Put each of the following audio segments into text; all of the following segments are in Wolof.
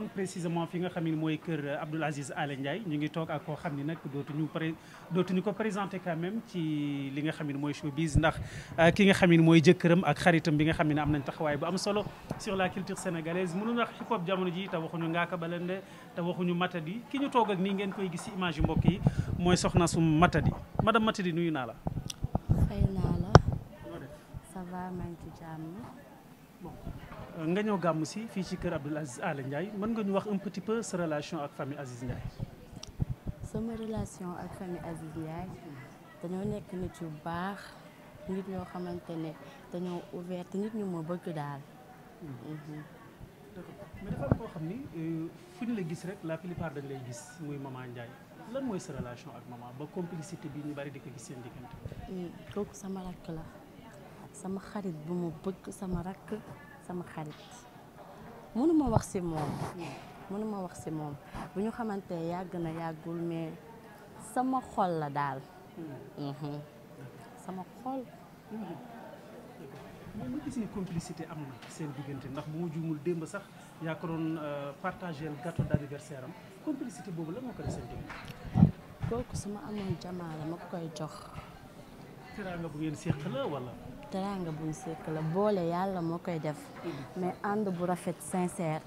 Euh, précisément fi nga xam ne mooy kër euh, Abdoul Aziz Alé Ndiaye ñu ngi toog ak koo xam ne nag dootuñu pré ko présenté quand même ci li nga xam ne mooy showbiz ndax euh, ki nga xam ne mooy jëkkëram ak xaritam bi nga xam ne am nañ taxawaay bu am solo sur la culture sénégalaise mënuñu wax hip hop jamono ji te waxuñu Ngaaka Blindé te waxuñu Matadi ki ñu toog ak nii ngeen koy gis ci image yu mbokk yi mooy soxna su Matadi madame Matadi nuyu naa la. fay naa la. ça va maa Euh, nga ñëw gàmm si fii ci kër Abdoul Aziz Aly Ndiaye mën nga ñu wax un petit peu sa relation ak famille Aziz Ndiaye. sama relation ak famille Aziz Ndiaye dañoo nekk nit yu baax nit ñoo xamante ne dañoo ouvert nit ñu ma bëgg daal. Mm-hmm. d'accord mais dafa koo xam ni euh, fu ñu la gis rek la plupart dañ lay gis muy maman Ndiaye lan mooy sa relation ak maman ba complicité bi ñu bari di ko gis seen diggante. Mm, kooku sama rakk la. sama xarit bu mu bëgg sama rakk sama xarit mënuma wax ci moom mënuma wax ci moom bu ñu xamante yàgg na yàggul mais sama xol la daal mhm. sama xol moom ma gis ni complicité am na seen diggante ndax bu ma juumul démb sax yaa ko doon euh, partagé gâteau d'anniversaire am complicité boobu la moo ko def seen diggante kooku su ma amoon jamaa ma koy jox teraanga bu ngeen séq la wala teraanga buñ sekk la boole yàlla moo koy def mais ànd bu rafet sincère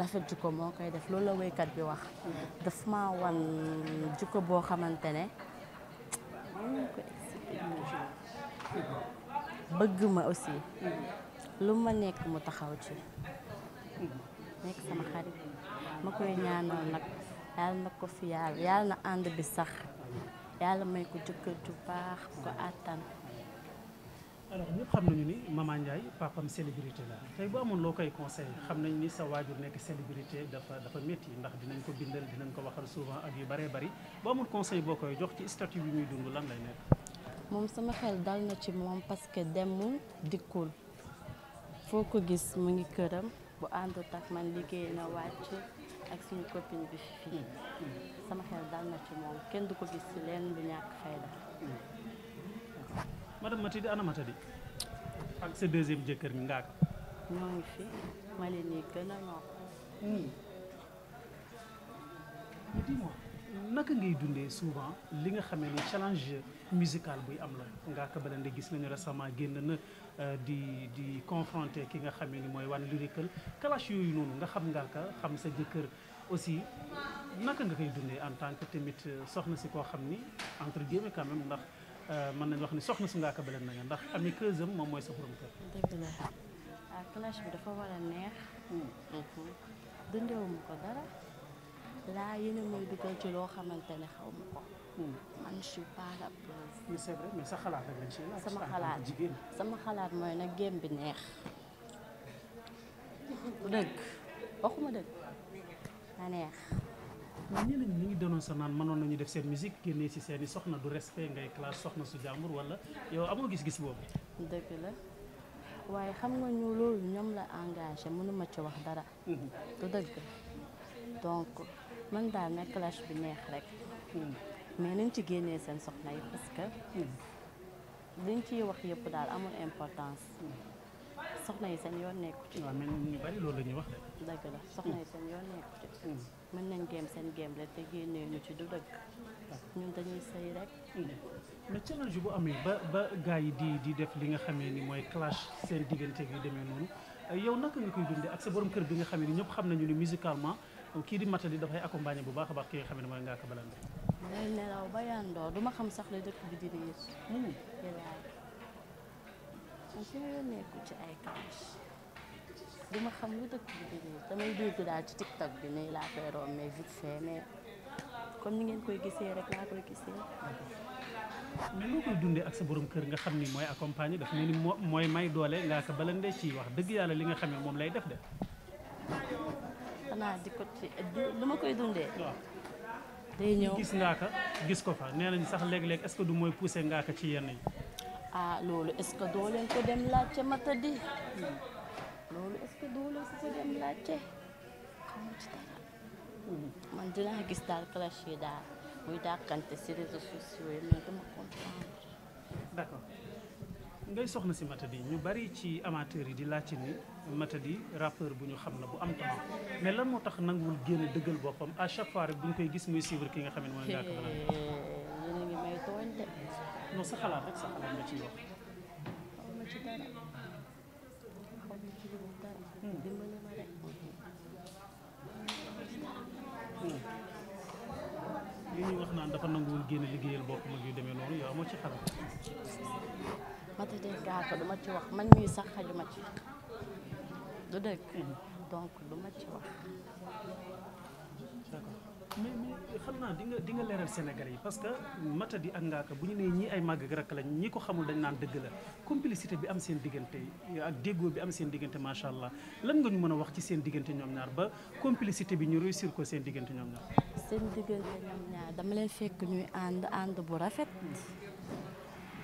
rafet jikko moo koy def loolu la wéykat bi wax daf ma wan jikko boo xamante ne bëgg ma aussi lu ma nekk mu taxaw ci nekk sama xarit ma koy ñaanoon nag yàlla na ko fi yàlla yàlla na ànd bi sax yàlla may ko jëkkër ju baax ko àttan alors ñëpp xam nañu ni Maman Ndiaye papam célébrité la tey bu amoon loo koy conseil xam nañu ni sa waajur nekk célébrité dafa dafa métti ndax dinañ ko bindal dinañ ko waxal souvent ak yu bëree bëri bu amul conseil boo koy jox ci statut bi muy dund lan lay nekk. moom sama xel dal na ci moom parce que demul dikkul foo ko gis mu ngi këram bu àndut ak man liggéey na wàcc ak suñu copine bi hmm, hmm. dal na kenn du ko gis ci leen lu ñàkk fayda hmm. madame Matidi ana Matadi ak sa deuxième jëkkër ñi ngaak ñoo ngi fi ma leen di gën a ñor. Hmm. naka ngay dundee souvent li nga xamee ni challenge musical buy am la Ngaaka Blindé gis nañu récemment génn na euh, di di confronté ki nga xamee ni mooy One Lyrical clash yooyu noonu nga xam Ngaaka xam sa jëkkër aussi naka nga koy dundee en tant que tamit euh, soxna si koo xam ni entre guillemets quand même ndax. Euh, mën nañ wax ni soxna su Ngaaka Blindé nga ndax ami keusam moom mooy sa borom kër. dëgg la ah clash bi dafa war a neex. Mm-hmm. dundewuma ko dara laa yéen a may ci loo xamante ne xaw ma ko. Mm. man je suis pas sa xalaat sama xalaat sama xalaat mooy nag gém bi neex. dëgg waxuma dëgg na neex. mais ñeneen ñi ngi donoon sax naan mënoon nañu def seen musique génnee ci seen i soxna du respect ngay classe soxna su jàmbur walla yow amoo gis-gis boobu. dëgg la waaye xam nga ñu loolu ñoom la engagé mënuma ci wax dara. Mm-hmm. du dëgg donc man daal na clash bi neex rek. Mm-hmm. mais nañ ci génnee seen soxna yi parce que. Mm-hmm. liñ ciy wax yëpp daal amul importance. soxna yi seen yoon nekku ci. waaw mais la ñuy wax de. dëgg la yi seen mm. nañ géem seen géem la te génnee ñu ci du dëgg. ñun dañuy sëy rek. mais mm. challenge bu amee ba ba gars yi di di def li nga xamee ni mooy clash seen diggante gi demee noonu euh, yow naka nga koy dundee ak sa borom kër bi nga xamee ni ñëpp xam nañu ni musicalement euh, kii di matali dafay accompagner bu baax a baax ki nga xam ne mooy Ngaaka Blindé. day nelaw ba yàndoor du ma xam sax la dëkk bi di riir. Mm. dara nekkul ci ay clash du ma xam lu dëkk bi di damay dégg daal ci tiktok bi nii laa koy romb mais vite fait mais comme ni ngeen koy gisee rek laa koy gisee. nan nga koy borom kër nga xam ni mooy accompagner daf mel ni mooy may doole ngaa ko balandee ci wax dëgg yàlla li nga xam ne moom lay def de. xanaa di ko ci lu ma koy dundee. day ñëw gis ngaa ko gis ko fa nee nañ sax léeg-léeg est-ce que du mooy pousser ngaa ko ci yenn yi. ah loolu est-ce que doo leen ko dem laajte matadi loolu est-ce que doo leen ko dem laajte xamu ci dara man dinaa gis daal clash yi daal muy dàkkante si réseaux sociaux yi mais dama comprendre. d'accord ngay soxna si matadi ñu bari ci amateurs yi di laajte ni matadi rappeur bu ñu xam na bu am temps mais lan moo tax nanguwul génn dëggal boppam a chaque fois rek bu ñu koy gis muy suivre ki nga xam ne mooy. Ngaaka Blindé yéen a ngi may tooñ de. non sa xalaat rek sa xalaat ma ci dara li ñuy wax naan dafa nanguwul génn liggéeyal boppam ak yu demee noonu yow moo ci xalaat. matadin gaa ko duma ci wax man mii sax xajuma ci lu dëgg. Hmm. donc duma ci wax. mais mais xam naa di nga di nga leeral Sénégalais yi parce que Matadi ak Ngaaka bu ñu nee ñii ay màgg rakk lañ ñi ko xamul dañ naan dëgg la complicité bi am seen diggante ak déggoo bi am seen diggante macha allah lan nga ñu mën a wax ci seen diggante ñoom ñaar ba complicité bi ñu réussir ko seen diggante ñoom ñaar. seen diggante ñoom ñaar dama leen fekk ñuy ànd ànd bu rafet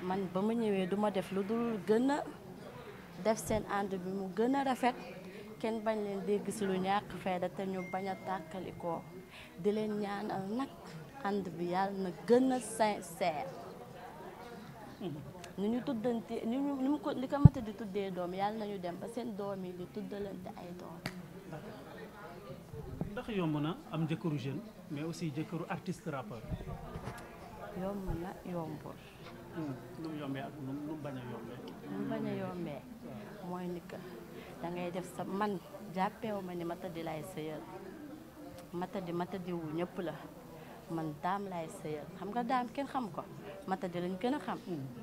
man ba ma ñëwee duma def lu dul gën a def seen ànd bi mu gën a rafet. kenn bañ leen dégg si lu ñàkk fayda te ñu bañ a tàkkalikoo di leen ñaanal nag ànd bi yàlla na gën a sincère hmm. ni ñu tuddante ni ñu ni mu ko li ko mate di tuddee doom yàlla na nañu dem ba seen doom yi di tuddalante ay doom ndax yomb na am jëkkëru jeune mais aussi jëkkëru artiste rappeur yomb na yombul hmm. mu yombee ak nu mu bañ a yombee mu bañ a yombee hmm. mooy ni da ngay def sa man jàppeewu ma ni ma tëddi laay sëyal ma tëddi ma ñëpp la man daam lay sëyal xam nga daam kenn xam ko ma tëddi lañ gën a xam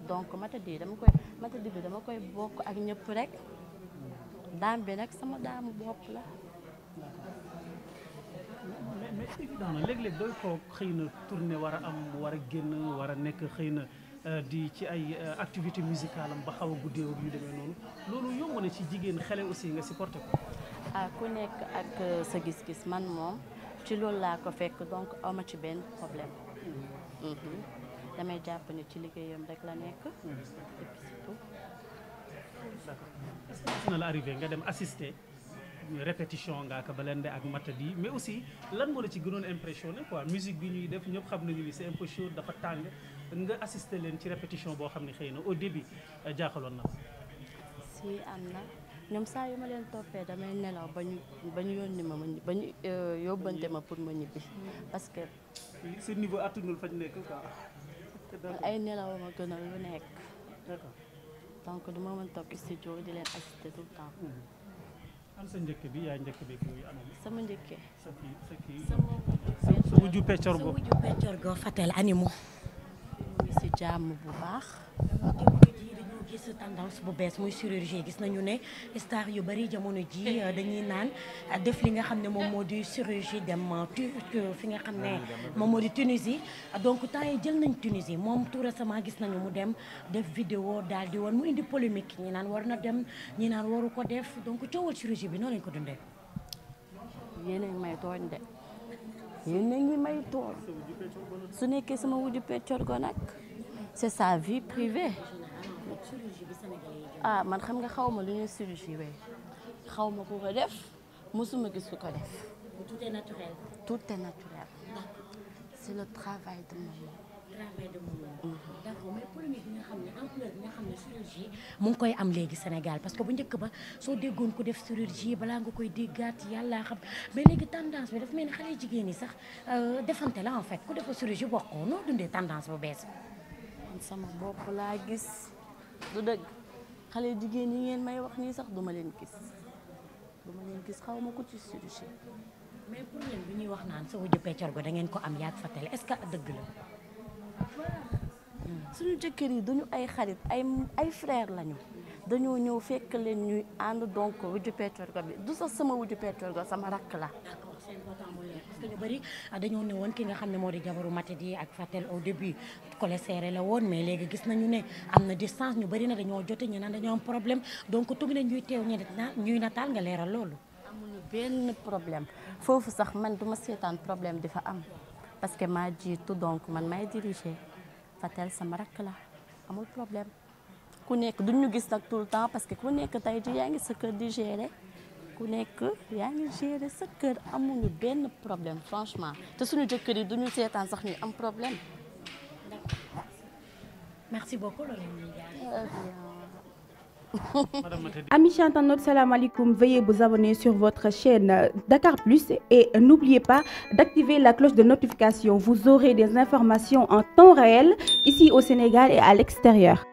donc ma tëddi dama koy ma tëddi bi dama koy bokk ak ñépp rek daam bi nag sama daamu bopp la. mais mais évident na léeg-léeg doy toog xëy na tournée war a am war a génn war a nekk xëy na. Euh, di ci ay euh, activité musicale am ba xaw a guddeewu yu demee noonu loolu yomb na ci jigéen xale aussi nga supporté ko. ah ku nekk ak euh, sa gis-gis man moom ci loolu laa ko fekk donc ama ci benn problème. Mm-hmm. Mm-hmm. damay jàpp ne ci liggéeyam rek la nekk. d'accord est-ce que na la arrivé nga dem assister répétition ngaa ko Balende ak Matadi mais aussi lan moo la ci gënoon impressionné quoi musique bi ñuy def ñëpp xam nañu li c'est un peu chaud dafa tàng. nga assisté leen ci répétition boo xam ne xëy na au début euh, jaaxaloon na si am na ñoom saa yu ma leen toppee damay nelaw ba ñu ba ñu yónni ma ma ba ñu euh, yóbbante ma pour ma ñibbi parce que. seen niveau attanul ay nelaw ma gën a lu nekk. d'accord donc du ma mën toog studio di leen assister tout le temps. Mm-hmm. am sa njëkk bi yaa njëkk bi sama njëkkee. sa kii sa wujju peccor go sama wujju peccor jàmm bu baax gis tendance bu bees muy chirurgie gis nañu ne star yu bari jamono ji euh, dañuy naan euh, def li nga xam ne moom moo di chirurgie dem euh, fi nga xam ne moom moo di Tunisie donc temps yi jël nañ Tunisie moom tout récemment gis nañu mu dem def vidéo daal di woon mu indi polémique ñi naan war na dem ñi naan waru ko def donc coowal chirurgie bi noonu lañ ko dundee. yéen a ngi may tooñ de yéen a may tooñ su nekkee sama wuju peccor nag. c'est sa vie privée ah, man xam nga xaw ma lu ñuy chirurgie wee xaw ku ko def mosuma gis ku ko def. tout est naturel. tout est naturel. c'est le travail de maman. travail de mhm. maman. ngi koy am léegi Sénégal parce que bu njëkk ba soo déggoon ko def chirurgie balaa nga koy déggaat yàlla xam mais léegi tendance bi daf mel ni xale jigéen ñi sax euh, defante la en fait ku defa chirurgie bokkoo noo dundee tendance bu bees. sama bopp laa gis du dëgg xale jigéen yi ngeen may wax nii sax duma leen gis duma leen gis xaw ma ko ci sudisi mais problème bi ñuy wax naan sa wujju peccar go da ngeen ko am yaag Fatel est-ce que dëgg la hmm. suñu jëkkër yi duñu ay xarit ay ay frère lañu dañoo ñëw fekk leen ñuy ànd donc wujju peccar go bi du sax sama wujju peccar go sama rakk la que ñu bëri dañoo ne woon ki nga xam ne moo di jabaru Matit yi ak Fatel au début collé la woon mais léegi gis nañu ne am na distance ñu bëri na dañoo jote ñu na ñuy teew ñuy nataal nga leeral loolu. amuñu benn problème foofu sax man duma seetaan problème di fa am parce que maa jiitu donc man may diriger Fatel sama rakk la amul problème ku nekk duñu gis nag tout le temps parce que ku nekk tey jii yaa ngi sa kër di gérer. ku nekk yaa ngi gérer sa kër amuñu benn problème franchement te suñu jëkkër yi duñu sax ñu am problème. merci beaucoup Amis chers internautes, salam alaikum. Veuillez vous abonner sur votre chaîne Dakar Plus et n'oubliez pas d'activer la cloche de notification. Vous aurez des informations en temps réel ici au Sénégal et à l'extérieur.